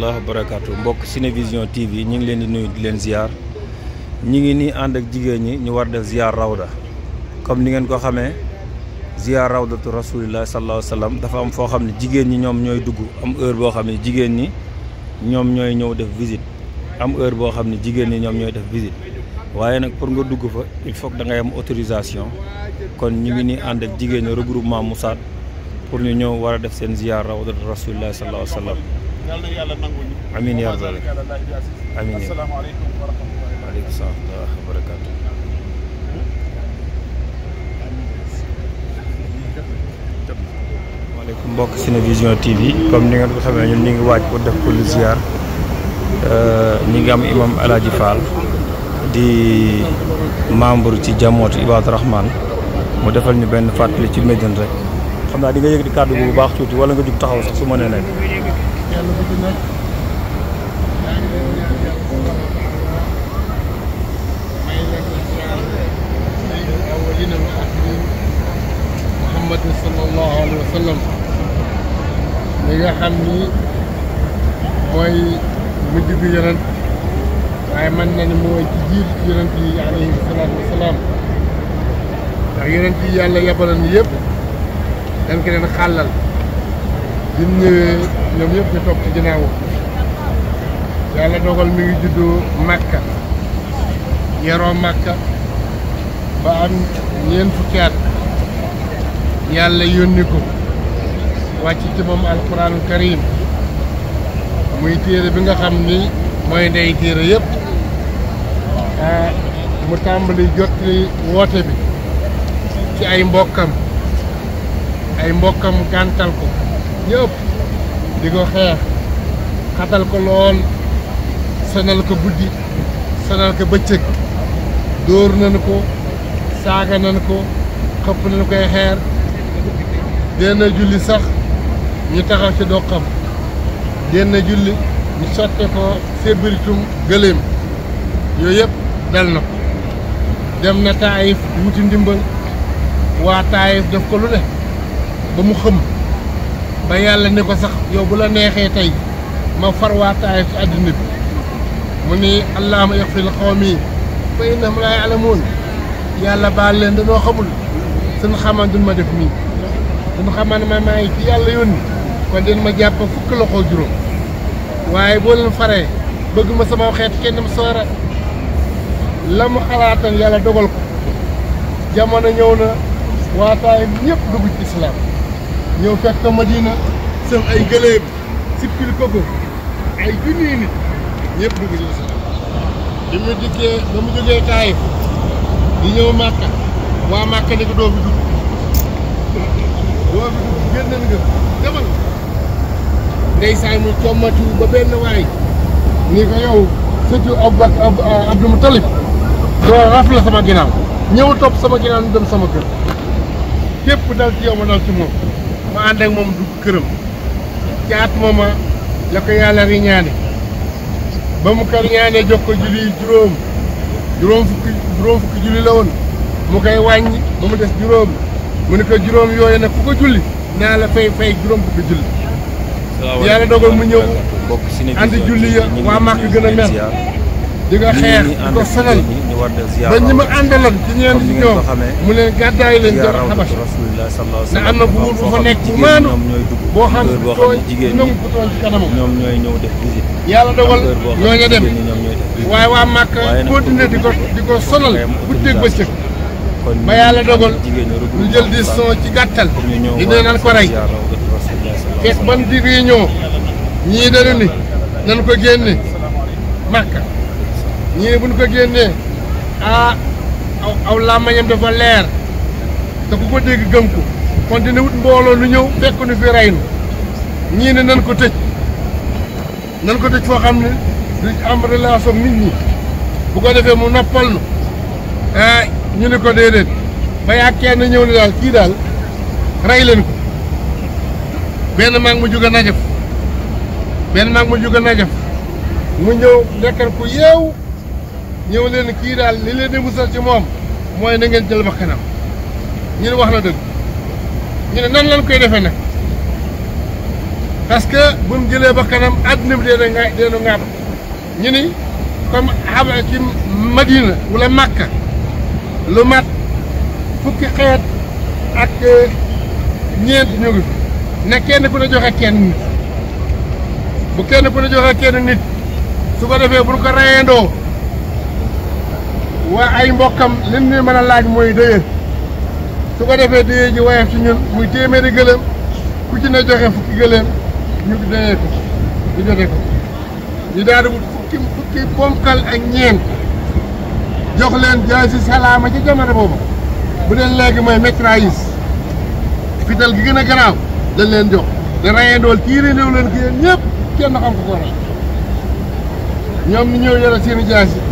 warahmatullahi wabarakatuh mbok cinévision tv ñi ngi leen di nuyu di leen ziar ñi ngi ni and ak jigeen ñi ñu war def ziar rawda comme ni ngeen ko xamé ziar rawdatu rasulillah sallallahu Alaihi wasallam dafa am fo xamni jigeen ñi ñom ñoy dugg am heure bo xamni jigeen ñi ñom ñoy ñew def visite am heure bo xamni jigeen ñi ñom ñoy def visite waye nak pour nga dugg fa il faut da ngay am autorisation kon ñi ngi ni and ak jigeen ñi regroupement pour ñu ñew wara def sen ziar rawdatu rasulillah sallallahu Alaihi wasallam yàlla na yàlla nangu ñu alaykum yaa rabbal amiin asalaamaaleykum wa rahmatullahi waaleykum salaam alaykum barakatu waaleykum mbokk TV comme ni ngeen ko xamee ñun ñu ngi waaj pour def ko ziar ñi eh, imam Alaaji Fall di membre ci jamoot Ibadu Rahman mu defal ñu benn fàttali ci Médine rek xam naa di nga yëg di kàddu bu baax tuuti wala nga jug taxaw sax su ma nee يلا بدنا الأولين والآخرين محمد صلى الله عليه وسلlam li nga xam ni mooy mujj gu yonent waaye mën na ni mooy ci jiir yonent yi alayhi salaatu wasalaam ndax yonent yi yàlla yabalan yëpp dañ ko leen xàllal bi mu ñoom ñëpp ñu toog ci ginnaaw yàlla dogal mi ngi juddoo Màkka yaroo Màkka ba am ñeent fukki yàlla yónni ko wàcc ci moom alquraanu muy téere bi nga xam ni mooy ndey téere yépp ah, mu tàmbali jot woote bi ci ay mbokkam ay mbokkam gàntal ko yëpp di ko xeex xatal ko lool sonal ko guddi sonal ko bëccëg na nañ ko saaga nañ ko xëpp nañ koy xeer denn julli sax ñu taxaw ci doxam denn julli ñu sotte ko sébbiritum gëléem yooyu yëpp dal na ko dem na taayif wuti ndimbal waa taayif def ko lu ne ba mu xëm ba yàlla ne ko sax yow bu la neexee tey ma farwaataay ci àddina bi mu ni allahuma yaxfir xawmi fa innahum laa ya'lamuun yàlla baal leen danoo xamul suñu xaman duñ ma def nii suñu xaman ma maa ngi ci yàlla yónni kon den ma jàpp fukk loxo juróom waaye boo leen faree bëgg ma sama xeet kenn mu soora la mu xalaatan yàlla dogal ko jamono ñëw na waataay ñëpp dugg ci islaam ñëw fekk ko Madina sëf ay gëléem sippil ko ko ay junniy nit ñëpp dugg ci lislaam bi mu dikkee ba mu di ñëw Màkka waa Màkka ni ko doo fi dugg doo fi dugg génn nga demal ndeysaan mu commatu ba benn waay ni ko yow surtout Aboubac ah, Abdou Moutalib doo raf la sama ginnaaw ñëw topp sama ginnaaw ñu dem sama kër képp dal ci yow ma dal ci mu ànd ak moom dugg këram ci at mooma la ko yàlla riñaane ba mu ko riñaane jox ko fukki juróom fukki julli la woon mu koy wàññi ba mu des juróom mu ne ko juróom yooyu nag ku ko julli naa la fay fay juróom fukki julli yàlla dogal mu ñëw ànd julli waa màkk gën a mer di nga xeex di war def ziyaara ba ñi ma àndaloon ci ñeen ci ñoom mu leen gàddaay leen jëm xabash ne am na bu mu fa nekk bu maanu boo xam tooy ñoom ku tooy ci kanam ñoom ñooy ñëw def visite yàlla dogal ñoo ña dem waaye waa màkk continuer di ko sonal guddeeg bëccëg ba yàlla dogal ñu jël décision ci gàttal di ne nan ko rey fekk ban di réunion ñii dañu ni nan ko génne ñii ne bu ah aw aw de dafa leer te ku ko dégg gëm mbooloo nu ñëw fekk nu fi rey nu ñii ne nan ko tëj nan ko tëj foo xam ne du am relation nit ko defee mu noppal nu ah ñu ne ko déedéet ba yaa kenn ñëw ne daal kii daal rey leen ko benn maag mu jóge Najaf benn maag mu jóge Najaf mu ñëw ku yeew ñëw leen kii daal li leen di musal ci moom mooy na ngeen jël bakkanam ñu wax na dëgg ñu ne nan lañ koy defee nag parce que buñ jëlee bakkanam àddina bi dee na ŋaab ñu ni comme xam ci Madina wala Màkka lu mat fukki xeet ak euh, ñeent ñu ngi fi ne kenn ku ne joxe kenn nit bu kenn ku ne joxe kenn nit su ko defee bu ñu ko rayéendoo. waa ay mbokkam lim ñu mën a laaj mooy déye su ko defee déye ji ci ñun muy téeméeri gëléem ku ci ne joxe ñu déye ko ñu jote ko ñu daal di wut fukki fukki ponkal ak ñeent jox leen jaasi salaama ci jamono boobu bu dee léegi mooy mitrailleuse fital gi gën a garaaw dañ leen jox da rayandool kii réndéw leen ki yéen ñëpp kenn xam ko ko rey ñoom ñu ñëw jaasi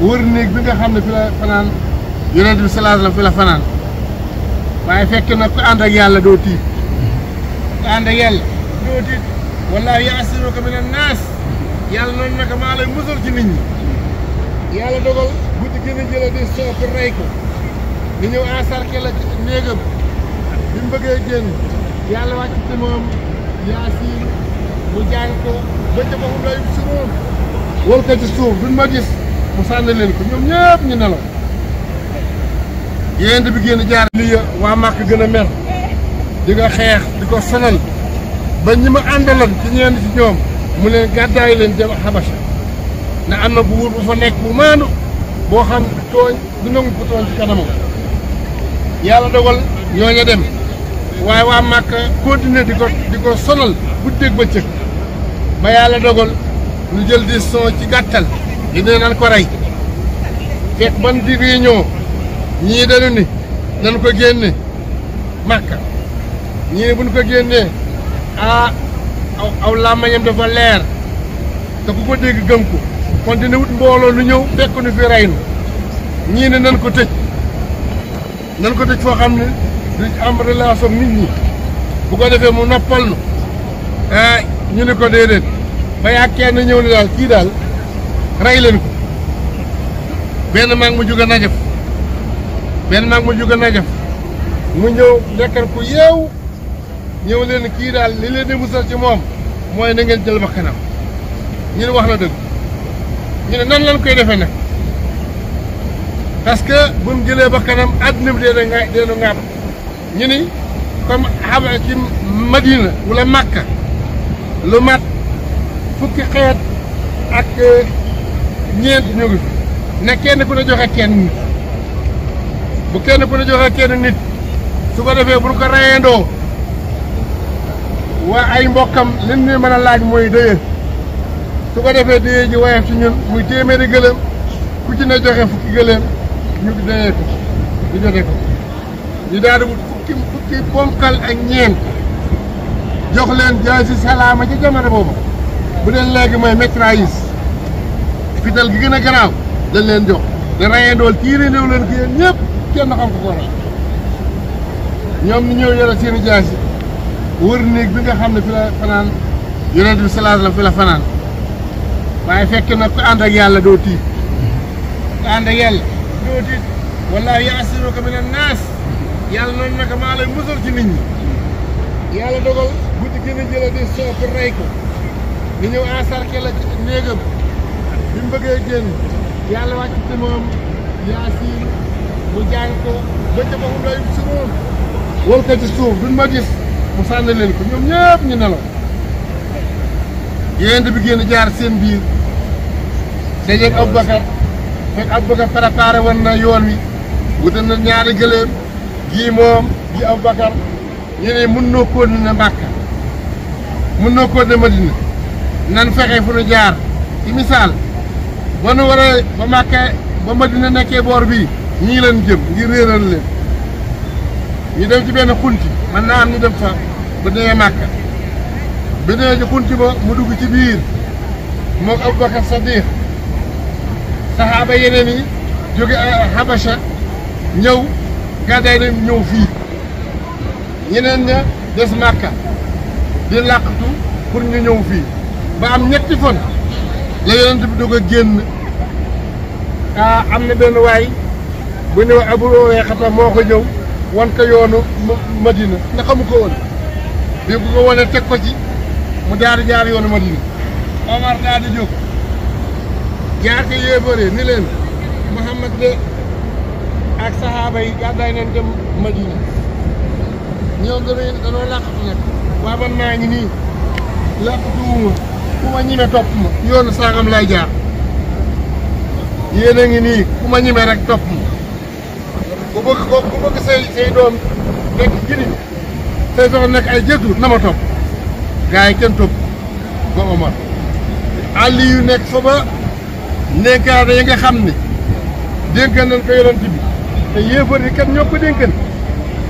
wër néeg bi nga xam ne fi la fanaan yonent bi salaas la fanaan waaye fekk na ku ànd ak yàlla doo tiit ku ànd ak yàlla doo tiit wallaahi yaasiruka mina naas yàlla noonu naka maa lay ci nit ñi yàlla dogal guddi gi nit di soo rey ko ni ñëw asarke la néegam bi mu bëggee génn yàlla wàcc ci moom yaasiin mu jàng ko ba ca boppam lay suróon wal ci suuf duñ ma gis mu sànni leen ko ñoom ñëpp ñu nelaw yéen bi génn jaar li waa màkk gën a mer di nga xeex di ko sonal ba ma àndaloon ci ñeen ci ñoom mu leen gàddaay leen jëm xabasa ne am na bu fa nekk bu maandu boo xam tooñ du nangu ko tooñ ci kanamam yàlla dogal ñooña dem waaye waa màkk continuer di ko sonal bu dégg ba ba yàlla dogal ñu jël décision ci gàttal ñu ne nan ko rey fekk ban di réunion ñii dañu ni nan ko génne màkka ñii ne ko génnee ah aw aw làmmañam dafa leer te ko dégg gëm ko kon dina wut mbooloo lu ñëw fekk nu fi rey nu ñii ne nan ko tëj nan ko tëj foo xam ne du am relation nit ñi ko defee mu noppal nu ah ñu ne ko déedéet ba yaa kenn ñëw ne daal kii daal rey leen ko benn maag mu jóge Najaf benn maag mu jóge Najaf mu ñëw nekkal ku yeew ñëw leen kii daal li leen ci moom mooy na ngeen jël ba kanam wax na dëgg ñu ne nan lañ koy defee nag parce que bu mu jëlee ba kanam àddina bi dee na dee na ŋaab ñu ni comme xam Madina wala Màkka lu mat fukki xeet ak. ñeent ñu ne kenn ku ne joxe kenn nit bu kenn ku ne joxe kenn nit su ko defee bu ko rayandoo waa ay mbokkam lim ñuy mën a laaj mooy dëye su ko defee dëye ji wayef ci ñun muy téeméeri gëléem ku ci ne joxe fukki gëléem ñu dëyee ko jote ko ñu daal di wut fukki fukki ponkal ak ñeent jox leen jaay si salaama ci jamono boobu bu dee léegi mooy maîtrise fital gi gën a garaaw dañ leen jox da rayee dool kii réew leen ki yéen ñëpp kenn xam ñoom ñu ñëw yore seen jaasi wër néeg bi nga xam ne fi la fanaan yonent bi salaas la fi fanaan waaye fekk na ku ànd ak yàlla doo tiit ku ànd ak doo tiit wallaahi yaasiruka mina naas yàlla noonu naka maa lay musal ci nit ñi yàlla dogal guddi gën a jëla di soo ko rey ko ni ñëw asarke la néegam bi mu bëggee génn yàlla wàcc ci moom yaasin mu jàng ko bëccëg si moom. wol ko ci suuf ma gis mu sànni ñoom ñëpp ñu nelaw yéen bi génn jaar seen biir dajeeg Abubakar fekk Abubakar préparé woon na yoon wi wutal na ñaari gëléem gii moom gi Abubakar ñu ne mën noo kóod ne Mbàkka mën noo nan fexe fu nu jaar ci misaal ba nu waree ba màkkee ba Madina nekkee boor bii ñii leen jëm ngir réeral dem ci benn xunti mën naa am ñu dem fa ba nee màkka bi nee ci xunti ba mu dugg ci biir moom Abubakar Sadiq saxaaba yeneen yi jóge Habasha ñëw gàddaay dem ñëw fii ñeneen ña des màkka di làqatu pour ñu ñëw fii ba am ñetti fan la yonent bi dugg a génn ah am na benn waay bu ne Abu Wayxata moo ko ñëw wan ko yoonu Madina nga xamu bi bu ko wanee teg ko ci mu daal jaar yoonu Madina Omar daal di jóg jaar ko yéebare ni leen Muhammad de ak saxaaba yi gàddaay nañ dem Madina ñoom dañuy dañoo làqatu nag waaw man maa ngi nii làqatu wu ma ku ma topp ma yoonu saagam lay jaar yéen a ngi nii ku ma ñemee rek topp ma ku bëgg ko ku bëgg say say doom nekk gini say soxla nekk ay jëtu na ma topp gars yi kenn topp ba Omar àll yu nekk fa ba nekkaane yi nga xam ne dénkan nañ ko yonent bi te yéefar yi kat ñoo ko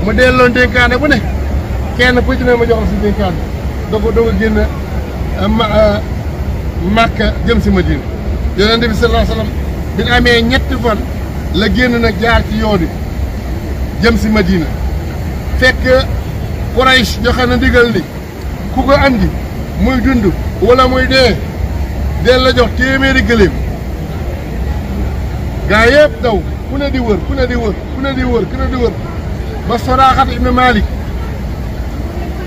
mu delloon dénkaane bu ne kenn ku ne ma jox si dénkaane doog a doog a génn ma màkk jëm si Madina yonent bi sallallahu alayhi wa bi amee ñetti fan la génn nag jaar ci yoon wi jëm si Madina fekk Quraysh joxe na ndigal li ku ko andi muy dund wala muy dee dee la jox téeméeri gëléem gaa yëpp daw ku ne di wër ku ne di wër ku ne di wër ku ne di wër ba Soraaxat ibn Maalik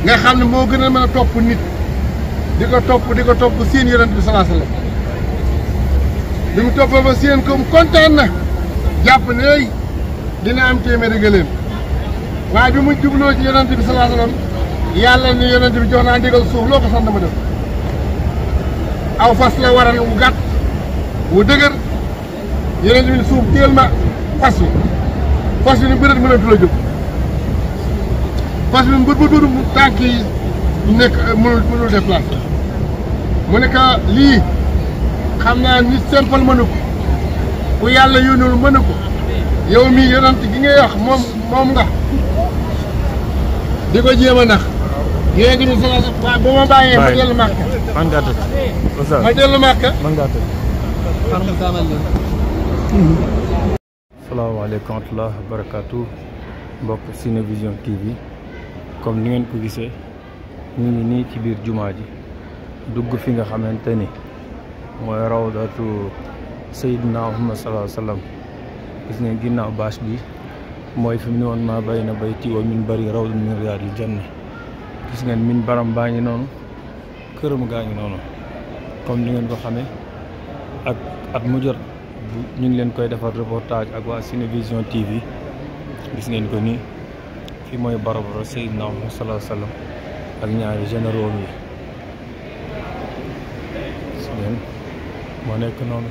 nga xam ne moo gën a mën a topp nit di ko topp di ko topp seen yonent bi salaa sallam bi mu toppal ba seen comme kontaan na jàpp ne dina am téeméeri gëléem waaye bi mu jubloo ci yonent bi sallallahu alayhi wasallam yàlla ni yonent naa ndigal suuf loo ko sant ma def aw fas la waral wu gàtt wu dëgër yonent bi suuf téel ma fas wi fas wi ni bërët mënatu la jóg fas wi mbër bër tànk yi nekk mënul mënul déplacé mu ne lii xam naa nit simple mënu ko ku yàlla yónnul mënu ko yow mi yonent gi ngay wax moom moom nga di ko jéem a nax léegi ni sa waa bu ma ma dellu màkka man ngaa tëdd ma dellu màkka man ngaa tëdd salaamaaleykum wa rahmatulah barakaatu mbokk Cinevision TV comme ni ngeen ko gisee ñu ngi nii ci biir jumaa ji dugg fi nga xamante ni mooy rawdatu sayidina muhammad salaa sallam gis ngeen ginnaaw baas bi mooy fi mu ne woon maa bay na bay tiwa min bari rawdun min riyaadil janna gis ngeen min baram baa ngi noonu këram gaa ngi noonu comme ni ngeen ko xamee ak at mu jot ñu ngi leen koy defar reportage ak waa Cinevision TV gis ngeen ko nii fi mooy barabara sayidina muhammad salaa ak ñaari généraux yi gis ngeen moo nekk noonu